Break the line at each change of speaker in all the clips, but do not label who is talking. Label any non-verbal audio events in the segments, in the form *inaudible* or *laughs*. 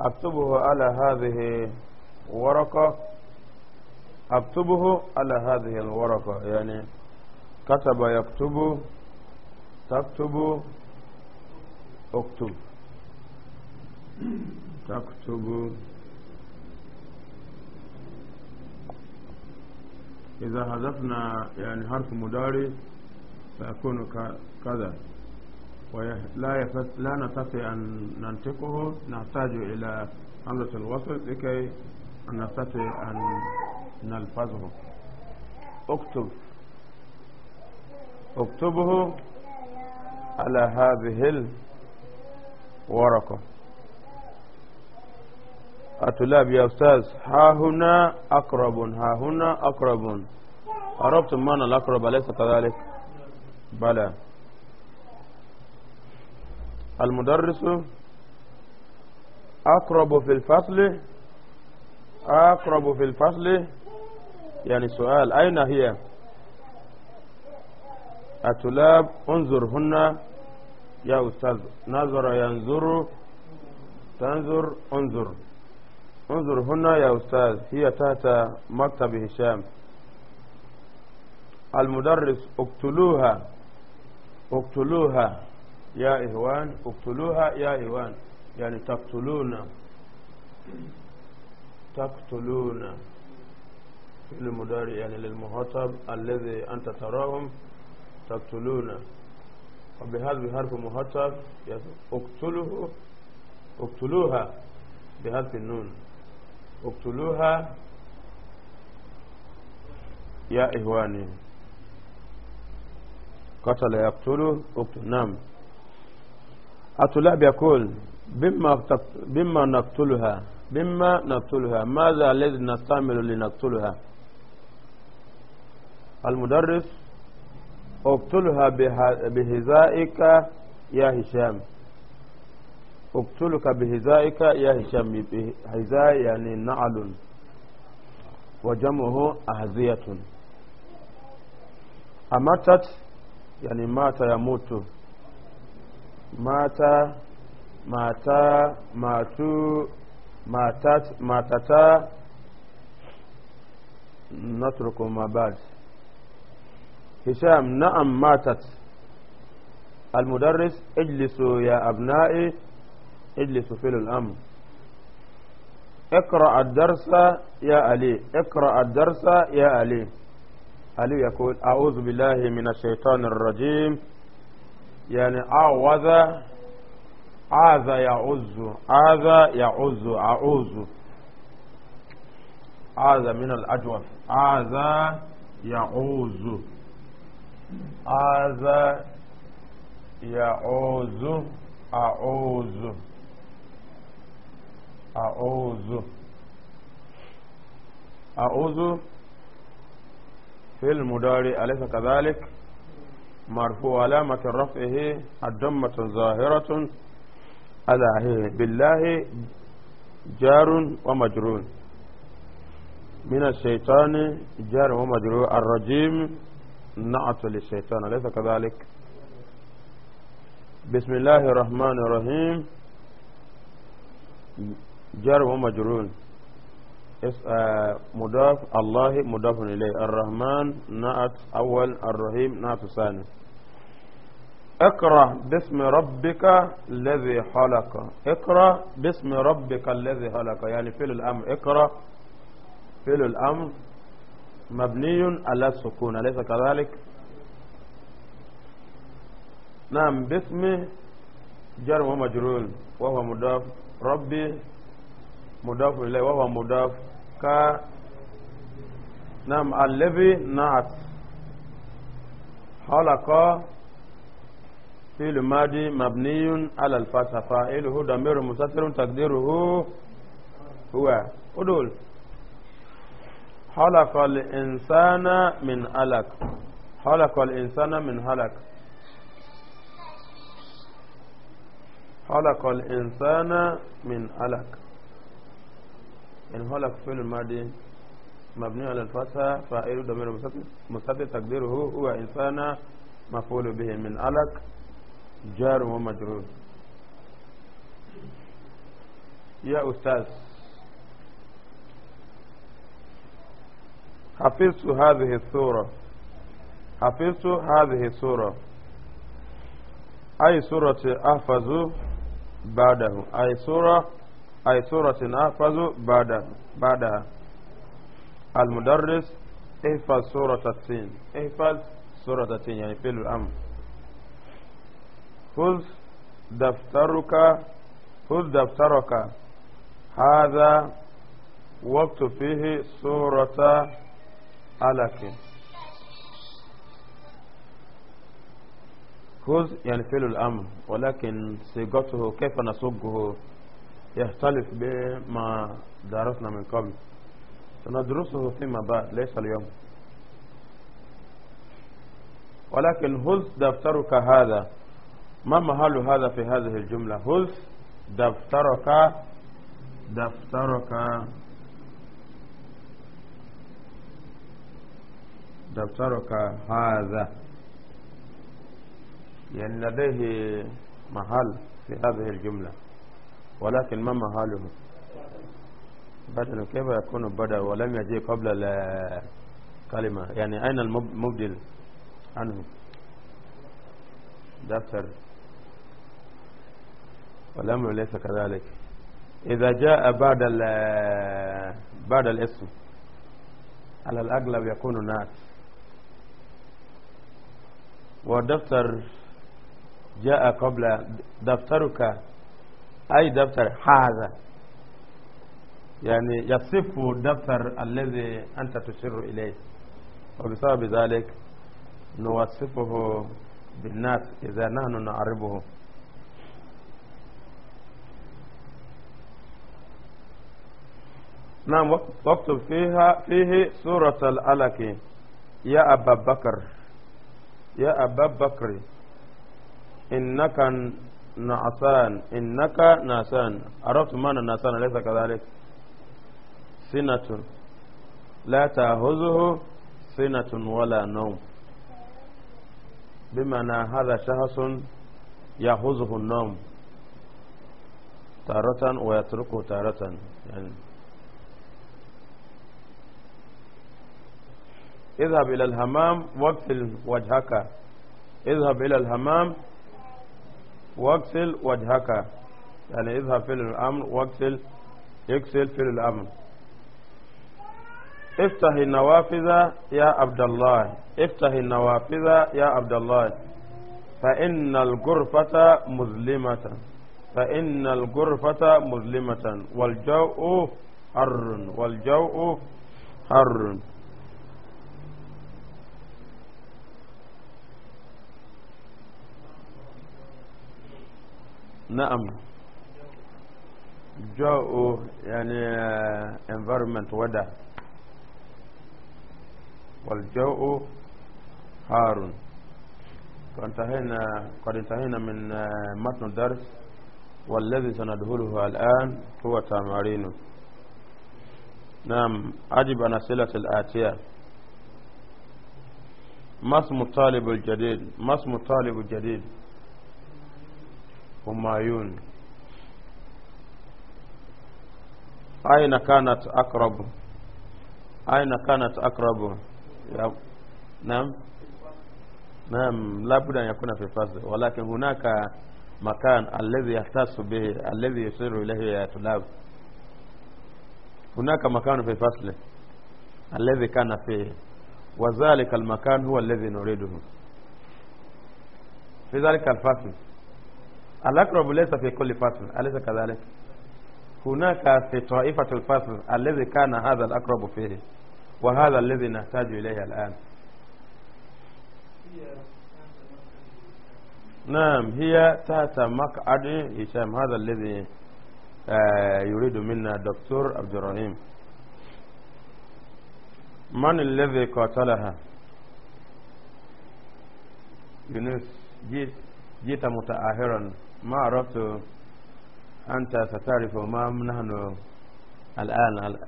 أكتبه على هذه ورقة أكتبه على هذه الورقة يعني كتب يكتب تكتب اكتب تكتب إذا حذفنا يعني حرف مداري فيكون كذا ولا لا نستطيع أن ننطقه نحتاج إلى حملة الوصل لكي نستطيع أن نلفظه اكتب اكتبه على هذه الورقة الطلاب يا أستاذ ها هنا أقرب ها هنا أقرب عرفتم معنى الأقرب أليس كذلك؟ بلى المدرس أقرب في الفصل أقرب في الفصل يعني سؤال أين هي الطلاب انظر هنا يا أستاذ نظر ينظر تنظر انظر انظر هنا يا أستاذ هي تحت مكتب هشام المدرس اقتلوها اقتلوها يا إخوان اقتلوها يا إخوان يعني تقتلون تقتلون للمدار يعني للمخاطب الذي أنت تراهم تقتلون وبهذا بحرف مخاطب اقتلوه اقتلوها بهذا النون اقتلوها يا إخواني قتل يقتله اقتل نعم الطلاب يقول بما بما نقتلها بما نقتلها ماذا الذي نستعمل لنقتلها المدرس اقتلها بهزائك يا هشام اقتلك بهزائك يا هشام هزاء يعني نعل وجمعه أهزية أمتت يعني مات يموت mata mata matu matat matata نترك ما بعد هشام نعم ماتت المدرس اجلسوا يا أبنائي اجلسوا في الأمر اقرأ الدرس يا علي اقرأ الدرس يا علي علي يقول أعوذ بالله من الشيطان الرجيم يعني أعوذ عاذ يعوذ عاذ يعوذ أعوذ عاذ من الأجوف عاذ يعوذ عاذ يعوذ أعوذ أعوذ أعوذ في المضارع أليس كذلك؟ مرفوع علامة رفعه الضمة ظاهرة على هي بالله جار ومجرور من الشيطان جار ومجرور الرجيم نعت للشيطان أليس كذلك بسم الله الرحمن الرحيم جار ومجرور آه، مضاف الله مضاف إليه الرحمن نعت أول الرحيم نعت ثاني اقرأ باسم ربك الذي خلق اقرأ باسم ربك الذي خلق يعني فعل الأمر اقرأ فعل الأمر مبني على السكون أليس كذلك نعم باسم جر ومجرور وهو مضاف ربي مضاف إليه وهو مضاف ك نعم الذي نعت حلقة في الماضي مبني على الفتح فاعله ضمير مستتر تقديره هو أدول خلق الإنسان من علق خلق الإنسان من هلك خلق الإنسان من علق انهلك فعل الماضي مبني على الفتحة فاعل ضمير مستتر تقديره هو إنسان مفعول به من ألك جار ومجرور يا أستاذ حفظت هذه السورة حفظت هذه السورة أي سورة أحفظ بعده أي سورة أي سورة أحفظ بعد بعدها المدرس احفظ سورة التين احفظ سورة التين يعني في الأمر خذ دفترك خذ دفترك هذا وقت فيه سورة ألك خذ يعني فعل الأمر ولكن صيغته كيف نصبه يختلف بما درسنا من قبل سندرسه فيما بعد ليس اليوم ولكن هز دفترك هذا ما محل هذا في هذه الجملة هز دفترك دفترك دفترك هذا يعني لديه محل في هذه الجمله ولكن ما مهاله بدل كيف يكون بدل ولم يجي قبل الكلمة يعني أين المبدل عنه دفتر والأمر ليس كذلك إذا جاء بعد بعد الاسم على الأغلب يكون ناس ودفتر جاء قبل دفترك أي دفتر هذا يعني يصف الدفتر الذي أنت تشير إليه وبسبب ذلك نوصفه بالناس إذا نحن نعربه نعم واكتب فيها فيه سورة الألك يا أبا بكر يا أبا بكر إنك نعسان إنك نعسان عرفت معنى نعسان ليس كذلك سنة لا تأهزه سنة ولا نوم بمعنى هذا شخص يهزه النوم تارة ويتركه تارة يعني اذهب إلى الحمام واغسل وجهك اذهب إلى الحمام واغسل وجهك يعني اذهب في الأمر واغسل اغسل في الأمر افتح النوافذ يا عبد الله افتح النوافذ يا عبد الله فإن الغرفة مظلمة فإن الغرفة مظلمة والجو حر والجو حر نعم جو يعني آه، environment weather والجو حار فانتهينا قد انتهينا من آه، متن الدرس والذي سندهله الآن هو تمارين نعم أجب أن أسئلة الآتية ما اسم الطالب الجديد ما اسم الطالب الجديد همايون أين كانت أقرب أين كانت أقرب نعم نعم لا بد أن يكون في فصل ولكن هناك مكان الذي يختص به الذي يشير إليه يا طلاب هناك مكان في فصل الذي كان فيه وذلك المكان هو الذي نريده في ذلك الفصل الأقرب ليس في كل فصل أليس كذلك هناك في طائفة الفصل الذي كان هذا الأقرب فيه وهذا الذي نحتاج إليه الآن نعم هي تحت مقعد هشام هذا الذي آه، يريد منا الدكتور عبد الرحيم من الذي قاتلها يونس جيت جيت متآهرا ما عرفت أنت ستعرف ما نحن الآن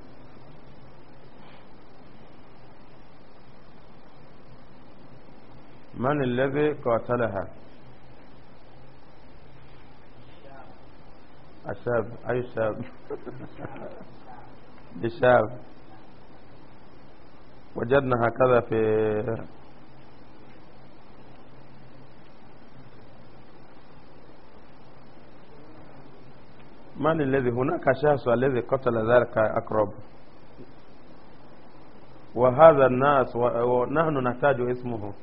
من الذي قاتلها الشاب أي شاب *laughs* الشاب وجدنا هكذا في من الذي هناك شخص الذي قتل ذلك أقرب وهذا الناس ونحن نحتاج اسمه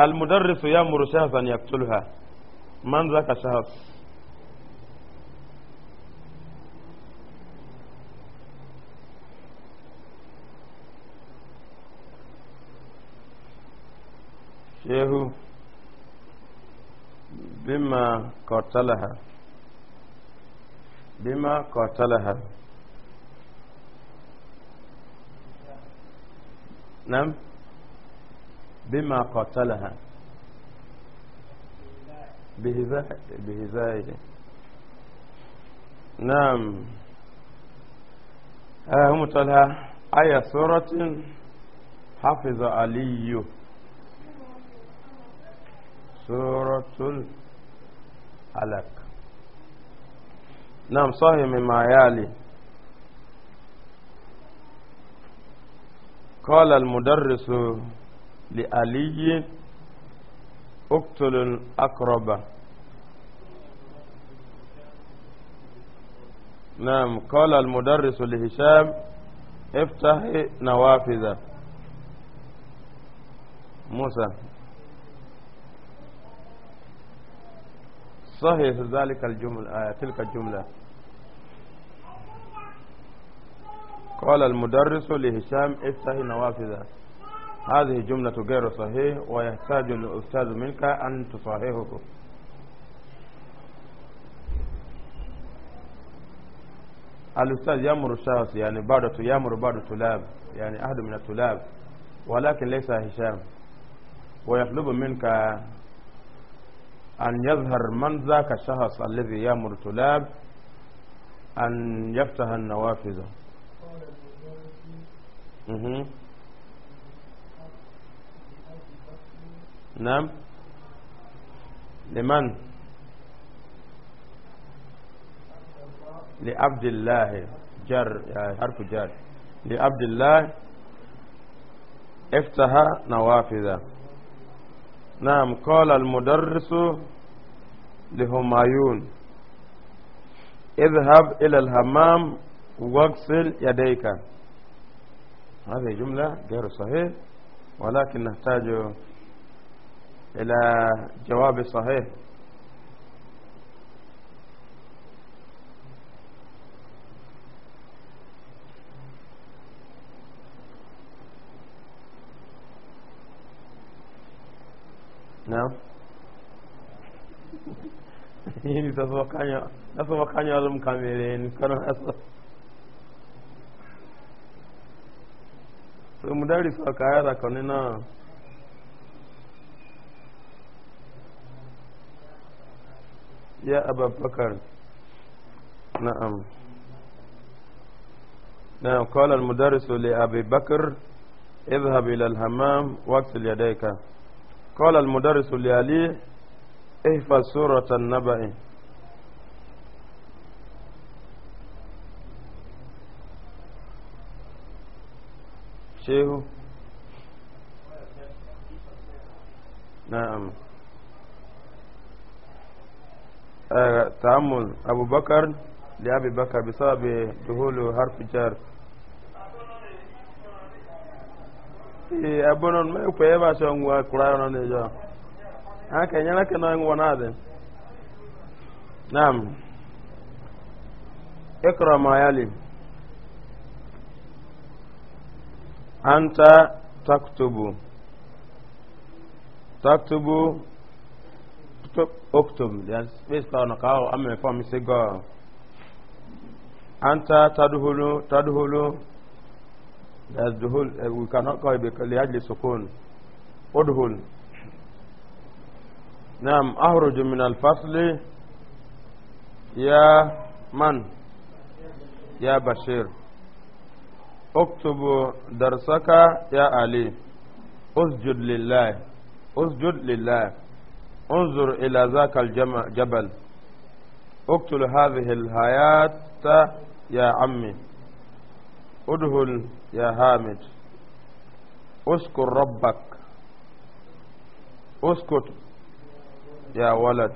المدرس يأمر شخصا يقتلها من ذاك شخص شيخ بما قتلها بما قتلها نعم بما قتلها بهذا نعم ها آه، هم تلها أي سورة حفظ علي سورة عليك نعم صحيح مما يالي قال المدرس لألي اقتل الأقرب نعم قال المدرس لهشام افتح نوافذ موسى صحيح ذلك الجملة آه، تلك الجملة قال المدرس لهشام افتح نوافذة هذه جملة غير صحيح ويحتاج الأستاذ منك أن تصححه الأستاذ يأمر الشخص يعني بعد يأمر بعد الطلاب يعني أحد من الطلاب ولكن ليس هشام ويطلب منك أن يظهر من ذاك الشخص الذي يأمر طلاب أن يفتح النوافذ نعم لمن لعبد الله جر حرف جر لعبد الله افتح نوافذ نعم قال المدرس لهمايون اذهب إلى الهمام واغسل يديك هذه جملة غير صحيح ولكن نحتاج إلى جواب صحيح نعم yini ta so kanya ta so kanya zum kamere ni kana asa so mudari so kaya da kanina ya abubakar na'am نعم قال المدرس لأبي بكر اذهب إلى الحمام واغسل يديك قال المدرس اللي عليه احفظ سورة النبأ شيخ نعم آه، تعمل أبو بكر لأبي بكر بسبب دخول حرف جر ebonon me kwe ba so ngwa kura no ne jo ha ke nyana ke no ngwa na de nam ikra ma yali anta taktubu taktubu oktum ya space ka ka o amme form se go anta That's the whole, لأجل سكون ادخل نعم أخرج من الفصل يا من يا بشير اكتب درسك يا علي اسجد لله اسجد لله انظر إلى ذاك الجبل اقتل هذه الحياة يا عمي ادهل يا هامد اسكر ربك اسكت يا ولد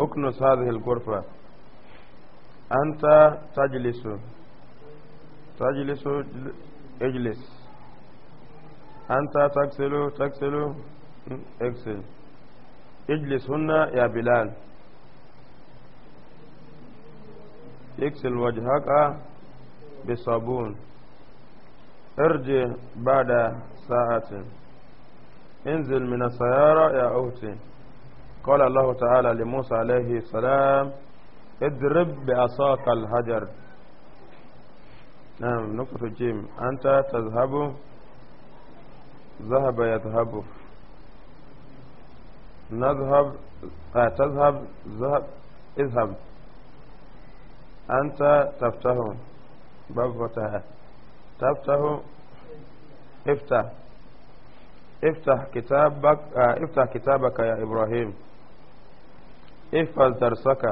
اكنس هذه الغرفة أنت تجلس تجلس اجلس أنت تكسل تكسل اكسل اجلس هنا يا بلال اغسل وجهك بصابون ارجع بعد ساعة انزل من السيارة يا أوتي قال الله تعالى لموسى عليه السلام اضرب بعصاك الحجر نعم نقطة الجيم أنت تذهب ذهب يذهب نذهب آه، تذهب ذهب اذهب أنت تفتح باب فتح تفتح افتح افتح كتابك آه، افتح كتابك يا إبراهيم احفظ درسك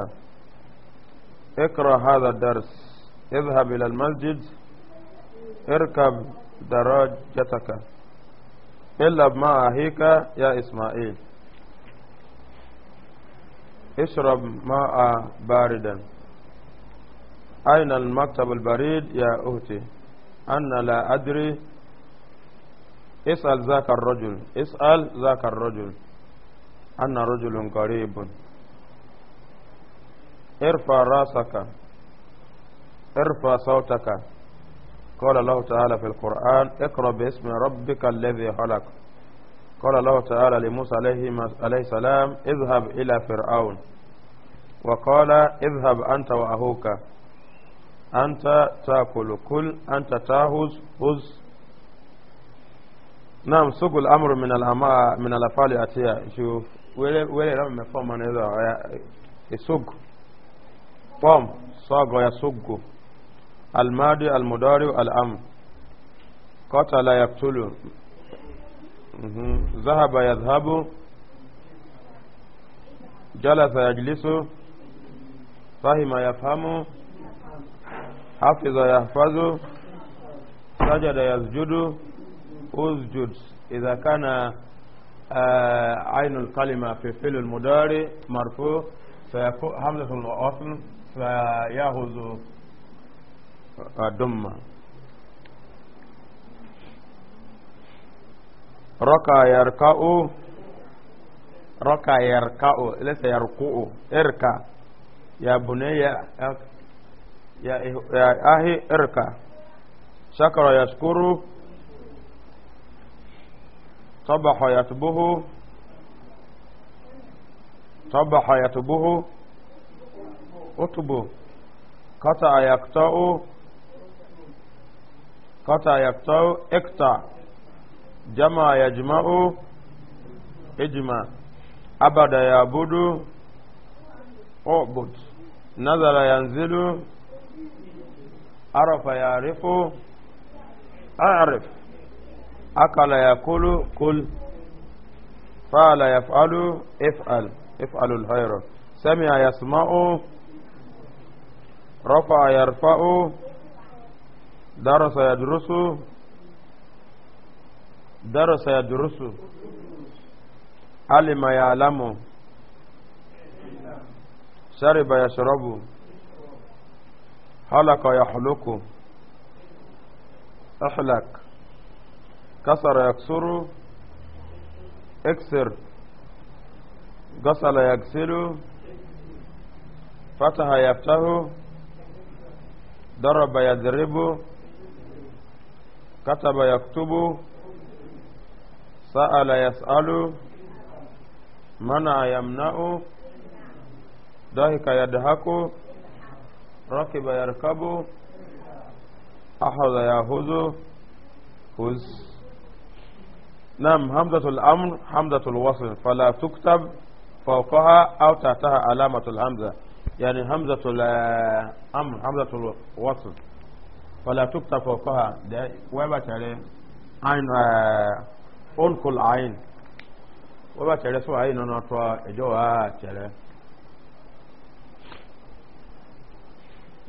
اقرأ هذا الدرس اذهب إلى المسجد اركب دراجتك إلا مع أهيك يا إسماعيل اشرب ماء باردا أين المكتب البريد يا أختي أنا لا أدري اسأل ذاك الرجل اسأل ذاك الرجل أنا رجل قريب ارفع راسك ارفع صوتك قال الله تعالى في القرآن اقرأ باسم ربك الذي خلق قال الله تعالى لموسى عليه السلام اذهب إلى فرعون وقال اذهب أنت وأهوك أنت تأكل كل أنت تأخذ خذ نعم سوق الأمر من الأما من الأفعال الأتية شوف ولا ولا رم مفهوم من هذا السوق قام ساق يسوق الماضي المضارع الأمر قتل يقتل ذهب يذهب جلس يجلس فهم يفهم حفظ يحفظ سجد يسجد أسجد إذا كان آه، عين الكلمة في فعل المضارع مرفوع فيكون حمله الأصل فيأخذ الضمة ركع يركع ركع يركع ليس يركع اركع يا بني ya ahi irka shakara yashkuru tabaha yatbuhu tabaha yatbuhu utubu qata yaqta'u qata yaqta'u ikta jama jima'u ijma abada ya O ubud nazara ya yanzilu عرف يعرف أعرف أكل يأكل كل فعل يفعل افعل افعل الخير سمع يسمع رفع يرفع درس يدرس درس يدرس علم يعلم شرب يشرب حلق يحلق احلق كسر يكسر اكسر غسل يغسل فتح يفتح ضرب يضرب كتب يكتب سأل يسأل منع يمنع ضحك يضحك ركب يركب أحد يأخذ خذ نعم همزة الأمر همزة الوصل فلا تكتب فوقها أو تحتها علامة الهمزة يعني همزة الأمر همزة الوصل فلا تكتب فوقها ده عليه عين آه، أنكل عين وبت عليه سوى عين نطوى جوا عليه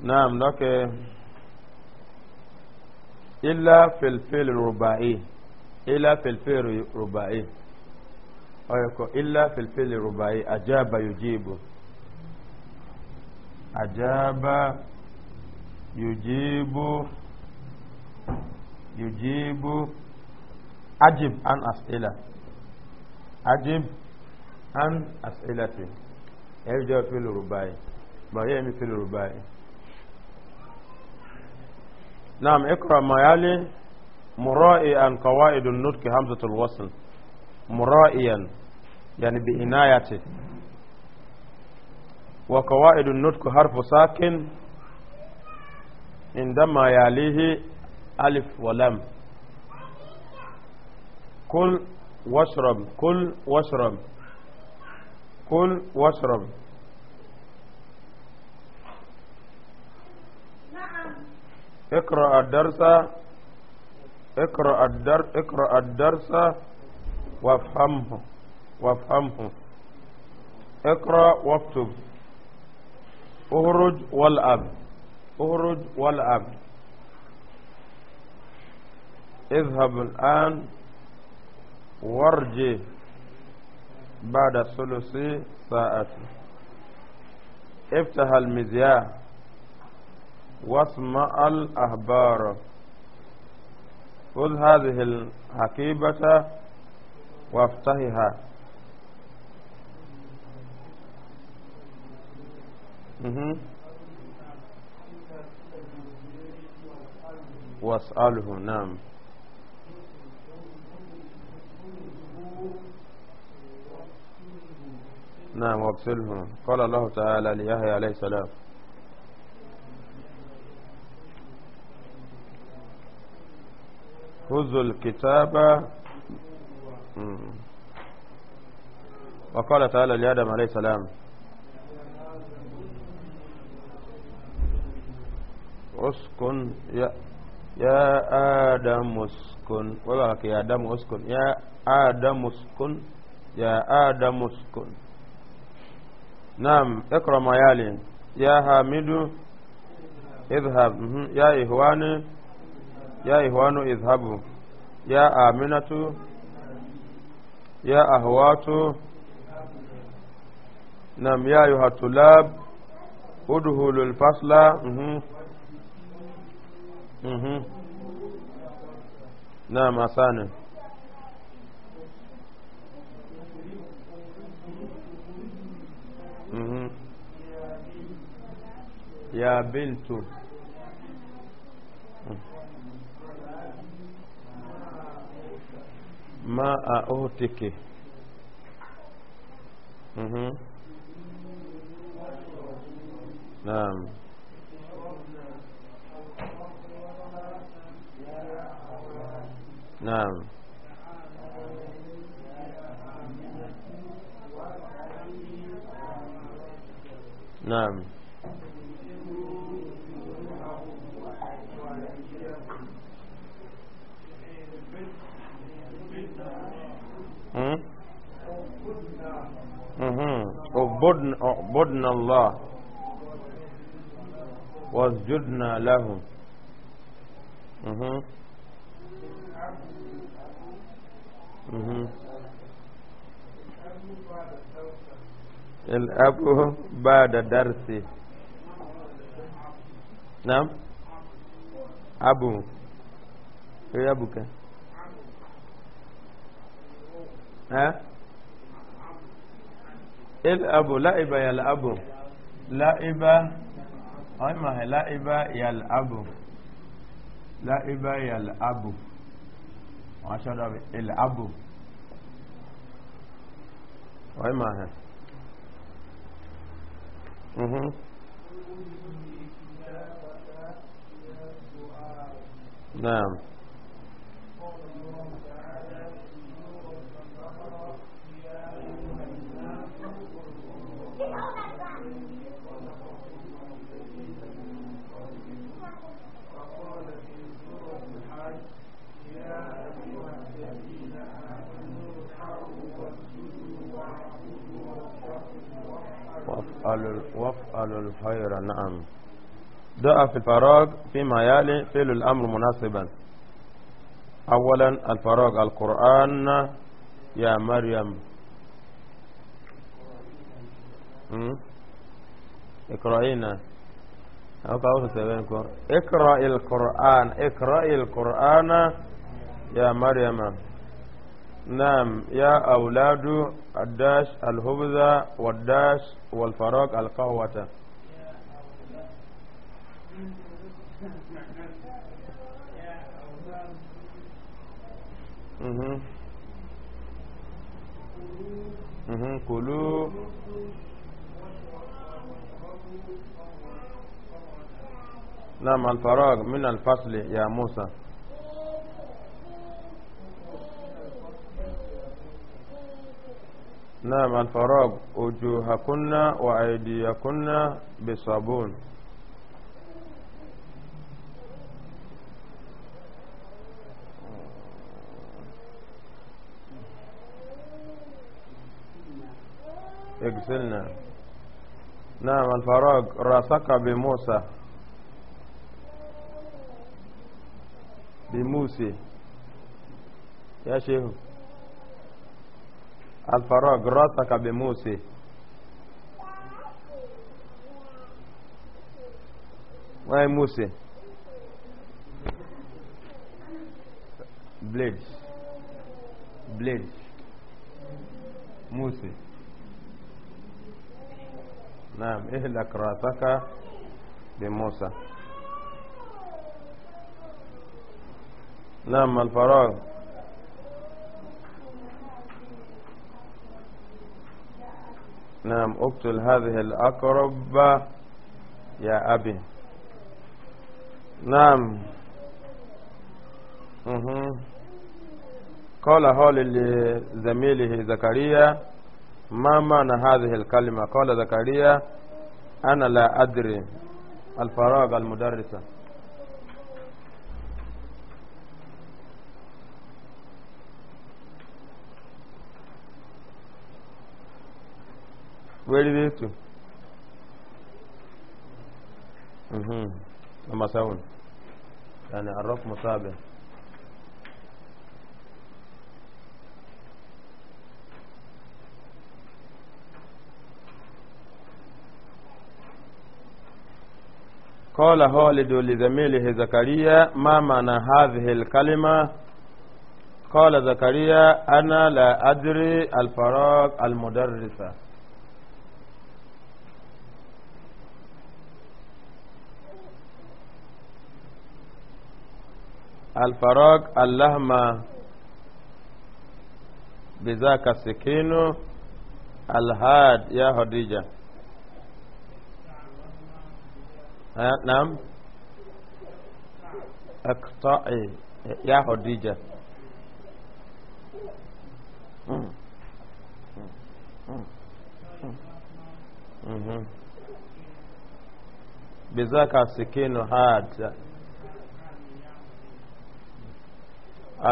naam lọ́kẹ́ euh, ilá fèlfèl rùbáì ilá fèlfèl rùbáì ọ̀yọ̀kọ̀ ilá fèlfèl rùbáì àjábà yòjìbù àjábà yòjìbù yòjìbù ajib an asila ajib an asilati ẹ̀rọ jẹ́ fèlfèl rùbáì bàyẹ̀ mi fèlfèl rùbáì. نعم اقرأ ما يلي مرائيا قواعد النطق همزة الوصل مرائيا يعني بإنايته وقواعد النطق حرف ساكن عندما يليه ألف ولم كل واشرب كل واشرب كل واشرب اقرأ الدرس اقرأ الدرس اقرأ الدرس وافهمه وافهمه اقرأ واكتب اهرج والأب اهرج والأب اذهب الآن وارجي بعد ثلث ساعة افتح المذياع واسمع الأهبار خذ هذه الحكيبة وافتهها واسأله نعم نعم واغسله قال الله تعالى ليحيى عليه السلام خذوا الكتاب وقال تعالى لآدم عليه السلام اسكن يا يا آدم اسكن وبارك يا آدم اسكن يا آدم اسكن يا آدم اسكن نعم اقرأ ما يلي يا حامد اذهب يا إهواني يا إخوان اذهبوا يا آمنة يا أهوات نعم يا أيها الطلاب ادخلوا الفصل نعم أساني يا بنت ma a otike uhum. Naam. Naam. Naam. hmm? mm-hmm. Ubudna oh, Allah wasjudna lahu mm
الأب بعد
درسه نعم أبو يا أبوك ها الأب لعب يلعب لعب هاي ما هي لعب يلعب لعب يلعب ما شاء الله يلعب هاي ما هي اها نعم وافعل وافعل الخير نعم دعا في الفراغ فيما يلي فعل الأمر مناسبا أولا الفراغ القرآن يا مريم اقرأينا اقرأ القرآن اقرأ القرآن يا مريم نعم يا أولاد الداش الهبذة والداش والفراق القهوة كلوا نعم الفراغ من الفصل يا موسى نعم الفراغ وجوهكن وأيديكن بصابون اغسلنا نعم الفراغ راسك بموسى بموسى يا شيخ الفراغ راسك بموسي وين موسي بليد بليد موسي نعم اهلك راسك بموسى نعم الفراغ نعم اقتل هذه الأقرب يا أبي نعم قال هول لزميله زكريا ما معنى هذه الكلمة قال زكريا أنا لا أدري الفراغ المدرسة where is it to? Mm-hmm. Number seven. يعني الرقم سابع قال خالد لزميله زكريا ما معنى هذه الكلمة قال زكريا أنا لا أدري الفراغ المدرسة الفراغ اللهم بذاك السكين الهاد يا هديجة نعم اقطعي يا هديجة بذاك السكين هاد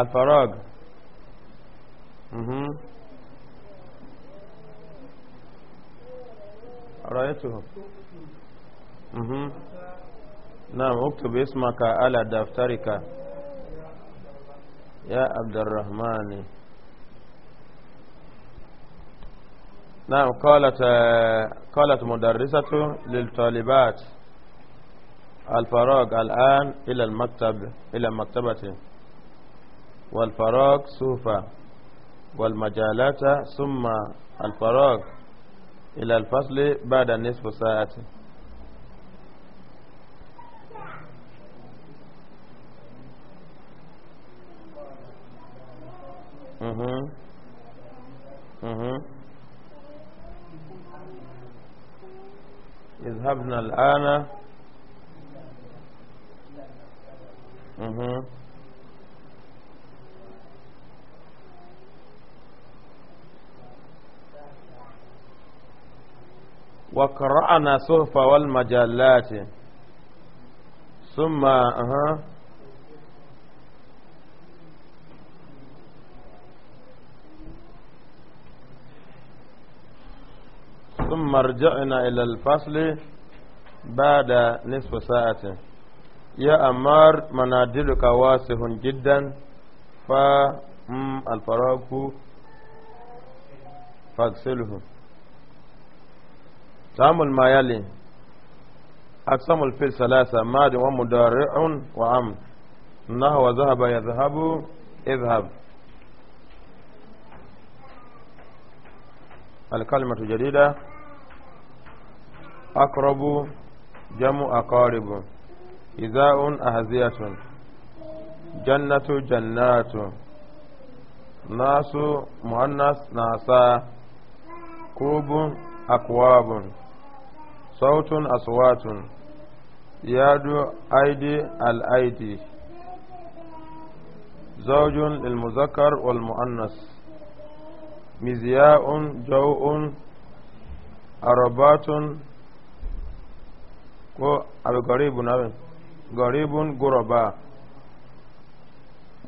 الفراغ مهم. رأيته نعم اكتب اسمك على دفترك يا عبد الرحمن نعم قالت قالت مدرسة للطالبات الفراغ الآن إلى المكتب إلى مكتبتي والفراغ سوف والمجالات ثم الفراغ إلى الفصل بعد نصف ساعة اذهبنا الآن مهم. وقرأنا صحف والمجلات ثم أها ثم رجعنا إلى الفصل بعد نصف ساعة يا أمار منادلك واسع جدا الفراغ فاغسلهم تعمل ما يلي أقسم الفيل ثلاثة ماد ومدارع وعم نهو ذهب يذهب اذهب الكلمة الجديدة أقرب جمع أقارب إذاء أهزية جنة جنات ناس مؤنس ناسا كوب أكواب صوت أصوات يادو أيدي الأيدي زوج للمذكر والمؤنث مزياء جوء أربات أبي غريب نبي قريب نعم. قربا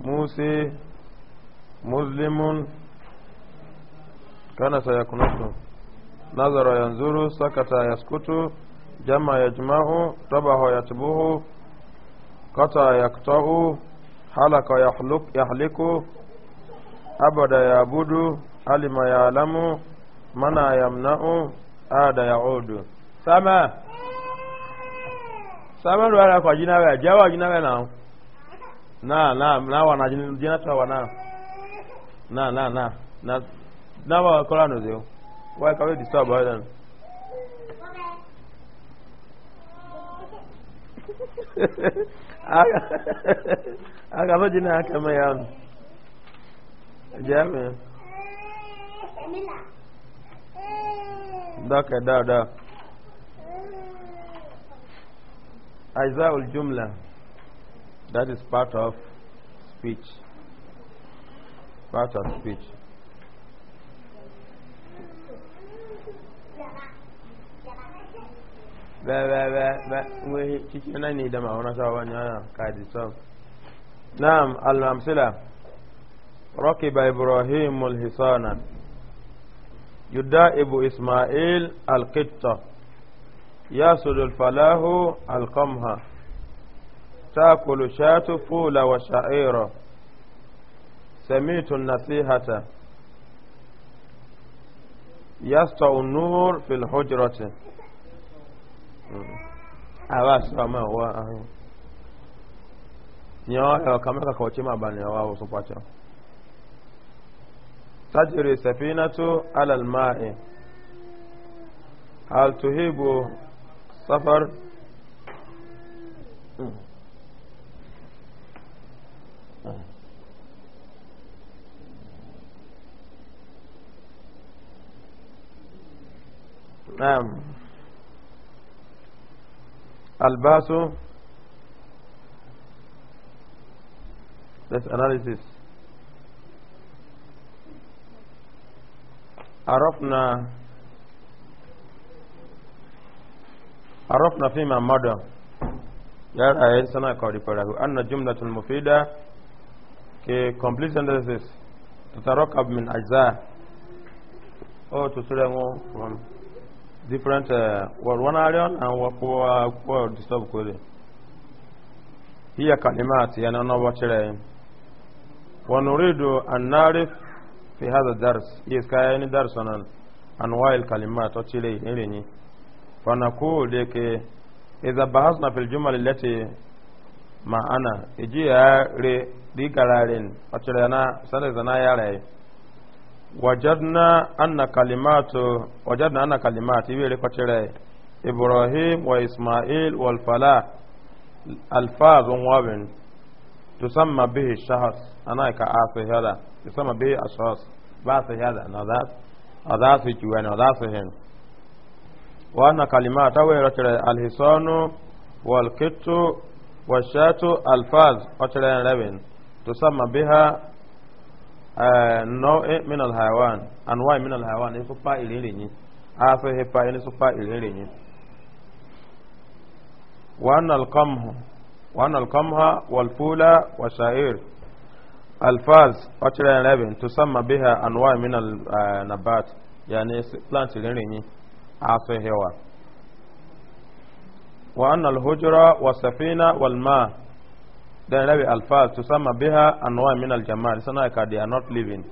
موسي مسلم كان سيكون nazara yanzuru sakata yaskutu jama yajmau tabaha yatbuhu kata yaktau halaka yahluk, yahliku abada yaabudu alima yaalamu mana yamnau ada yaudu sama sama ndo ala kwa jina wewe jawa jina wewe nao na na na wana jina tawana na na na na na wa kola ndo zio Why can not we disturb her then?
*laughs* aka baji na aka mai yawon
jami'in daga da Isaiah aizawul jumla that is part of speech part of speech wai cikin nan ne da ma'auna sawan yana kadisan na'am al-amsila ركب إبراهيم الحصان يدائب إسماعيل القطة يسد الفلاه القمها تأكل شاة فول وشعير سميت النصيحة يسطع النور في الحجرة awa so ma wa ahin ni o yo kamaka ko chi ma ba ni wa so pa cha تجري سفينة على الماء هل تهيب سفر نعم الباس that's analysis عرفنا عرفنا فيما مضى يا رأي سنة كوريكوله أن الجملة المفيدة كي complete sentences تتركب من أجزاء أو تسلمه from different uh, well, one iron and what for for disturb code هي كلمات يعني أنا بشري ونريد أن نعرف في هذا الدرس yes كأي درس عن أنواع الكلمات وشلي إليني فنقول لك إذا بحثنا في الجمل التي معنا إجي ري دي كلارين وشلي أنا سنة زنا يا رأي وجدنا أن كلمات وجدنا أن كلمات يقول إبراهيم وإسماعيل والفلاح ألفاظ وابن تسمى به الشخص أنا كأسي هذا يسمى به الشخص بأسي هذا نذات أذاسي جوان أذاسهن وأن كلمات ويقول الحصان والكت والشات ألفاظ وتلين ربن تسمى بها آه، نوع من الحيوان أنواع من الحيوان يسوفا إليني أفه فا يسوفا إليني وأن القمه وأن القمه والفولة والشعير الفاز أتلا لبن تسمى بها أنواع من النبات آه، يعني plant إليني أفه هوا وأن الهجرة والسفينة والماء then rawi alfaz tusama biha anwa min aljamal sana ka they are not living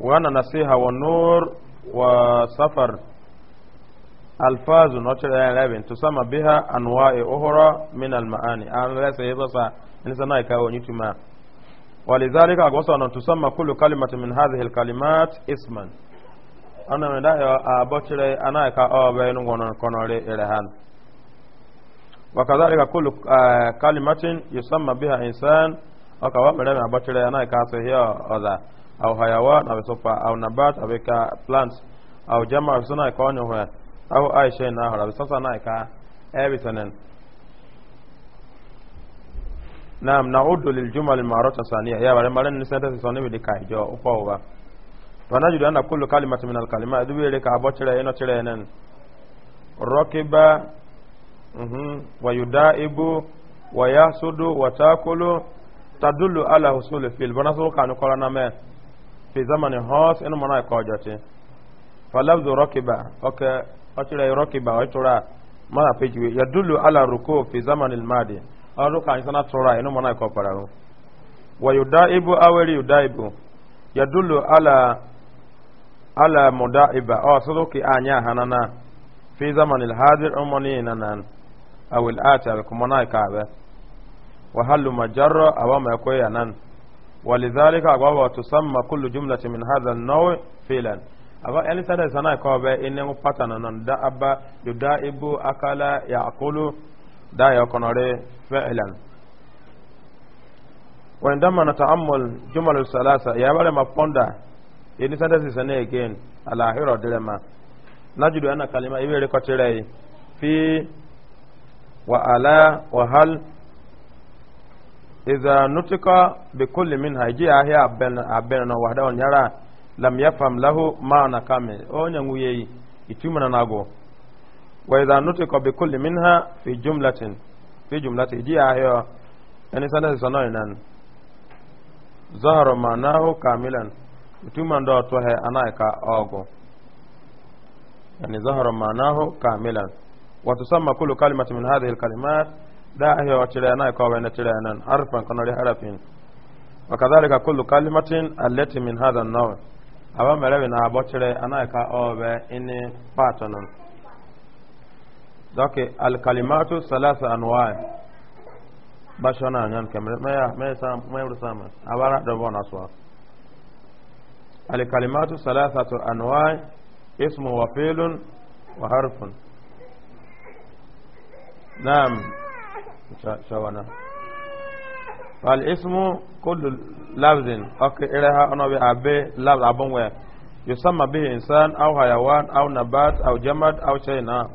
wa ana nasiha wa nur wa safar alfaz not rawi tusama biha anwa e ukhra min almaani an sa ni sana ka woni tuma ولذلك أقوص أن تسمى كل كلمة من هذه isman ana أنا من دائما أبوتري أنا كأو بينغون konore إلهان wakadhalika kullu uh, kalimatin yusamma biha insan akawa mleme yana ikase hiyo oda au hayawan au au nabat au ka plants au jamaa sana ikaonyo au aisha na hala na ika ebisanen naam naudu liljumal almarata saniya ya wale ni senta sonu bi kai jo upawa wanajudu anna min alkalimat dubi ile ka enen rakiba ibu mhm. wayudaibu wayasudu watakulu tadulu ala husuli fil bana suru kanu korana me fi zamani hos inu mana ko jati falabzu rakiba oke otire rakiba otura mana peji yadulu ala ruku fi zamani al madi aru kan sana tura inu mana ko ibu wayudaibu aweli ibu yadulu ala ala muda iba o sodo ki anya hanana fi zamani al hadir umani nanan awil ati abe kuma na ka abe wa hallu majarra awa mai koya nan walidhalika agwa wa tusamma kullu jumlati min hadha an-naw filan aba yani sada sana ko be inen patana nan da abba yudaibu akala yaqulu da ya konore fi'lan wa indama nata'ammul jumal al-salasa ya bare maponda yani sada sana again alahira dilema najudu ana kalima ibe rekotere fi وألا وهل إذا نطق بكل منها يجي أهيا أبنا وحده ونرى لم يفهم له معنى كامل أو نعوي يتمنى نعو وإذا نطق بكل منها في جملة في جملة يجي أهيا أن سنة سنة ظهر معناه كاملا يتمنى دوتوه أنايكا أوغو يعني ظهر معناه كاملا وتسمى كل كلمة من هذه الكلمات داعية وتلانا كوين تلانا حرفا كنا لحرف وكذلك كل كلمة التي من هذا النوع أبا مرابين أبوتري أنا كا أوبا إني باتنا دوك الكلمات ثلاثة أنواع باشانا نعم كمل ما يا ما يسام ما يرسام أبارة دبون أسوا الكلمات ثلاثة أنواع اسم وفيل وحرف نعم شوانا فالاسم كل لفظ اوكي إليها أنا بي ابي لفظ ابو يسمى به إنسان أو حيوان أو نبات أو جماد أو شيء نعم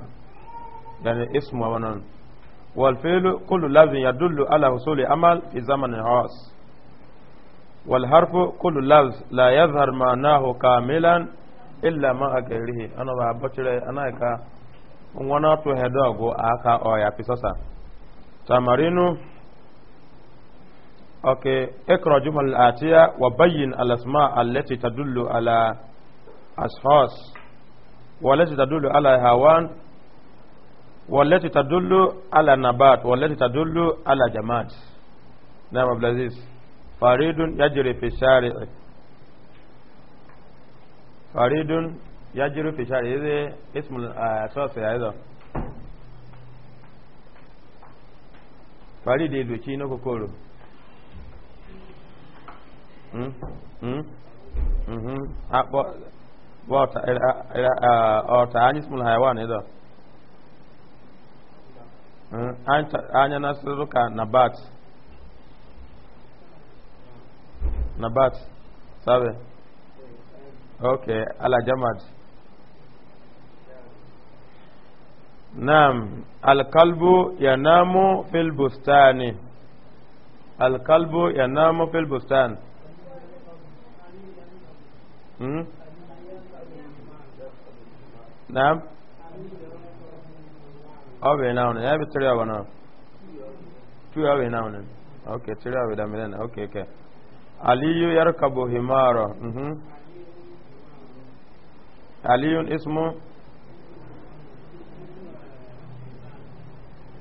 يعني اسم ونن والفعل كل لفظ يدل على حصول عمل في زمن خاص والحرف كل لفظ لا يظهر معناه كاملا إلا ما غيره أنا بأبتر أنا كأ ngwana ọtụ hedọgụ aka ọya pisọsa tamarinu oke ikra jumal atiya wa bayyin alasma allati tadullu ala ashas والتي تدل على هوان والتي تدل ala nabat, والتي تدل على جماد نعم عبد العزيز فريد يجري في الشارع فريد يجري في شعر إذا اسم الأساس هذا فريد يدوشي نوكو كورو ọ̀tà anyị smul haiwan ịdọ anya na na bat na bat sabe ok ala jamad نعم الكلب ينام في البستان الكلب ينام في البستان نعم او بيناون يا بتري او نعم تو او بيناون اوكي تري او دامن اوكي اوكي علي يركب حمارا علي اسمه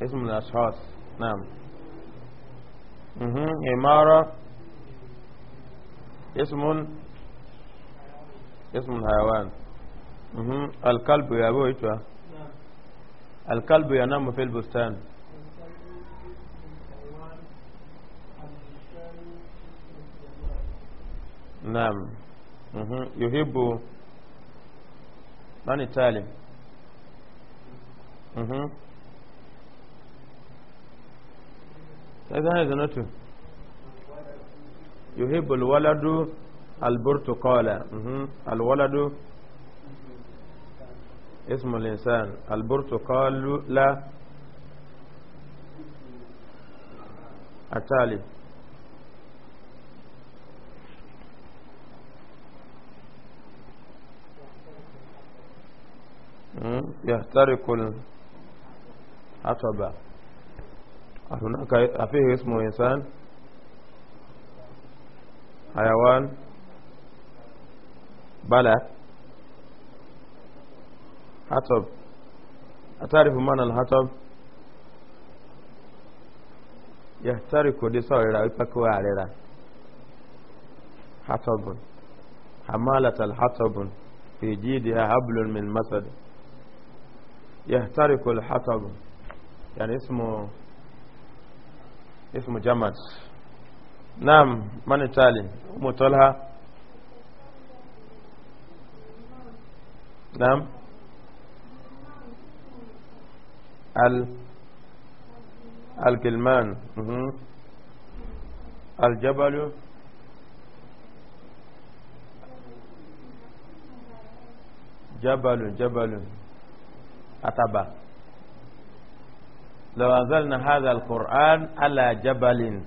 اسم الأشخاص نعم عمارة اسم اسم الحيوان الكلب يا أبو إيش الكلب ينام في البستان نعم يحب من التالي سيدنا نتو يحب الولد البرتقالة الولد اسم الإنسان البرتقال لا التالي يحترق العطبة هناك أفيه اسمه إنسان حيوان بلد حطب أتعرف معنى الحطب يحترق دي صغيرة يبكوا عليها حطب حمالة الحطب في جيدها حبل من مسد يحترق الحطب يعني اسمه اسمه جمعت نعم من التالي أم طلحة نعم ال الجلمان الجبل جبل جبل أتبع لو أنزلنا هذا القرآن على جبل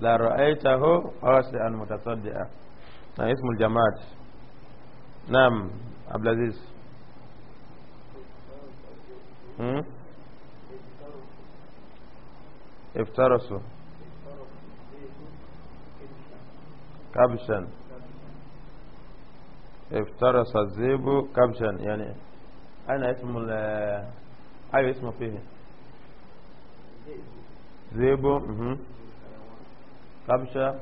لرأيته خاشعا متصدعا نعم اسم الجماعة نعم عبد العزيز افترسوا كبشا افترس الزيب كبشا يعني أنا اسم ال أي اسم فيه Zebo Kabusha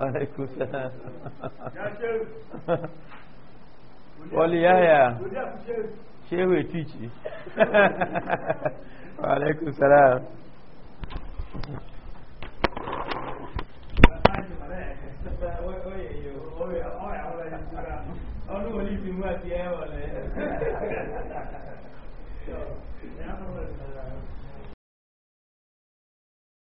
Alekou salam Ya chè ou Oli ya ya Chè ou e tichi
Alekou salam
Alekou salam